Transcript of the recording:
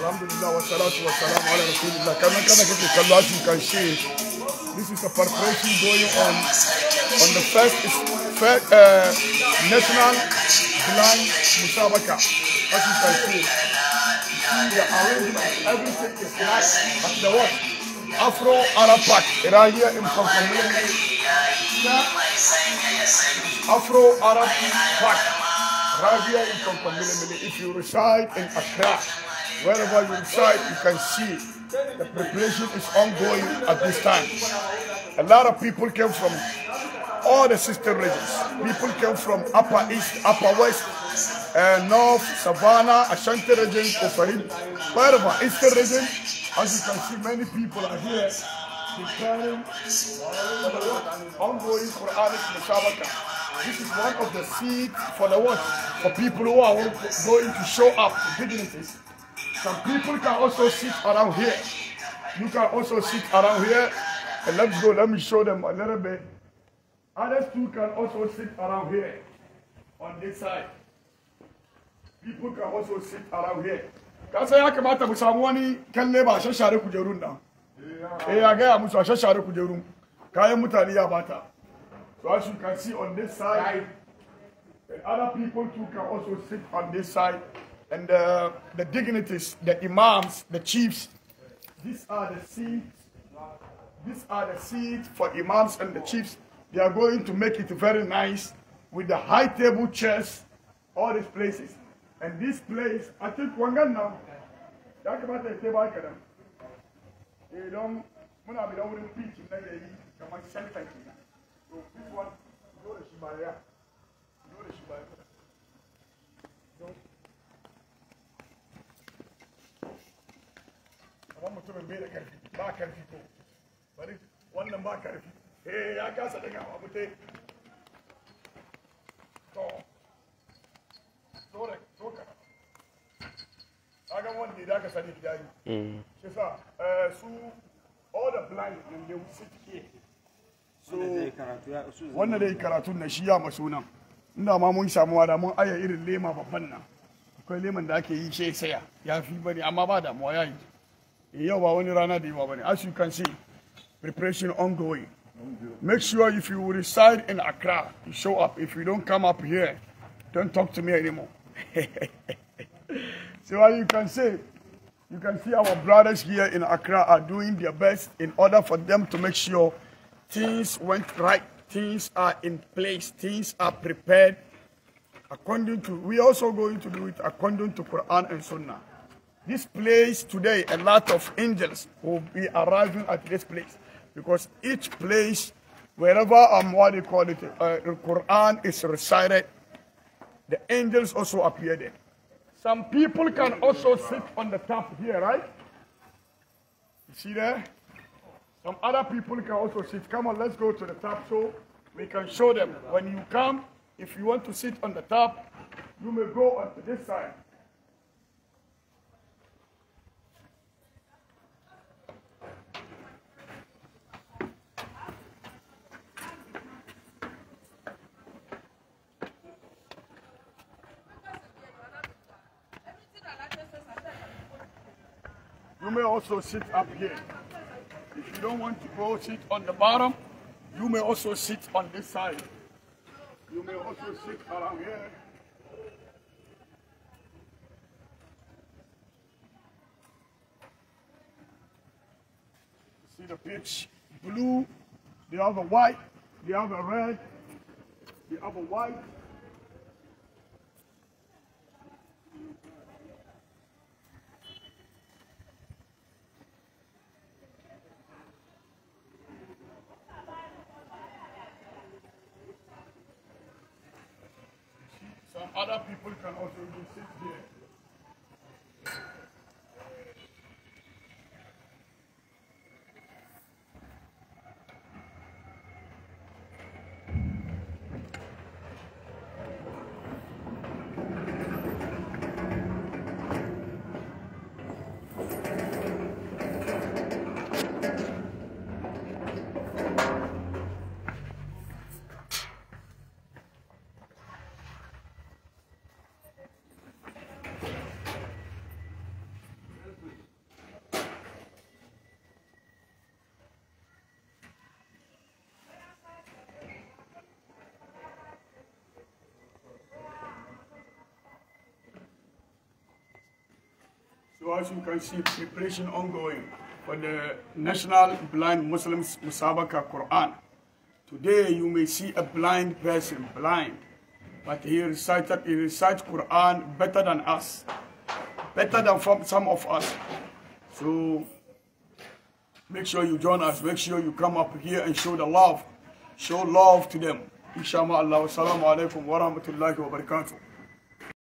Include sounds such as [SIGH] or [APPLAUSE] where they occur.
Alhamdulillah, wassalatu wassalam ala Rasulillah. Can I, can I get the colors you can This is a preparation going on on the first, first uh, National Blind Musabaka. As you can see, the arrangement, everything is nice. But the what? Afro Arab Park, right here in Tanzania. Afro Arab Park, right here in Tanzania. If you reside in Accra, Wherever you inside, you can see the preparation is ongoing at this time. A lot of people came from all the sister regions. People came from Upper East, Upper West, uh, North, Savannah, Ashanti region, Kofarim, wherever, Eastern region. As you can see, many people are here preparing for the ongoing This is one of the seeds for the what? For people who are going to show up dignities Some people can also sit around here. You can also sit around here. And let's go. Let me show them a little bit. Others too can also sit around here on this side. People can also sit around here. Ka sai ya kamata mu samu wani kalle ba shashare kujerun nan. Eh ya gaya musu a shashare kujerun. Kayan mutane ya bata. So as you can see on this side, and other people too can also sit on this side. and uh, the, the dignities, the imams, the chiefs. These are the seats. These are the seats for imams and the chiefs. They are going to make it very nice with the high table chairs, all these places. And this place, I think Wangan now, that about the table I can. They don't, want to be down with the pitch, then they come and send thank you. So this one, you know the Shibaya. You know the Shibaya. wannan bai da karfi ba karfi ko bari wannan ba karfi eh ya kasa daga abu te to dole to ka kaga wanda da ka sani gidari mm. shi sa eh, su all the blind in the city here so wannan dai karatu na shi ya maso nan inda ma mun samu da mun aya irin lema babban nan akwai leman da ake yi shi saya ya fi bane amma ba damuwa ya yi as you can see preparation ongoing make sure if you reside in accra you show up if you don't come up here don't talk to me anymore [LAUGHS] so as you can see you can see our brothers here in accra are doing their best in order for them to make sure things went right things are in place things are prepared according to we also going to do it according to quran and sunnah this place today, a lot of angels will be arriving at this place because each place, wherever um, what they call it, uh, the Quran is recited, the angels also appear there. Some people can also sit on the top here, right? You see there? Some other people can also sit. Come on, let's go to the top so we can show them. When you come, if you want to sit on the top, you may go on to this side. you may also sit up here. If you don't want to go sit on the bottom, you may also sit on this side. You may also sit around here. See the pitch blue, the other white, the other red, the other white. other people can also visit here. So as you can see, preparation ongoing for the National Blind Muslims Musabaka Quran. Today you may see a blind person, blind, but he recited he recites Quran better than us, better than from some of us. So make sure you join us, make sure you come up here and show the love, show love to them. Inshallah, Assalamu alaikum wa rahmatullahi wa barakatuh.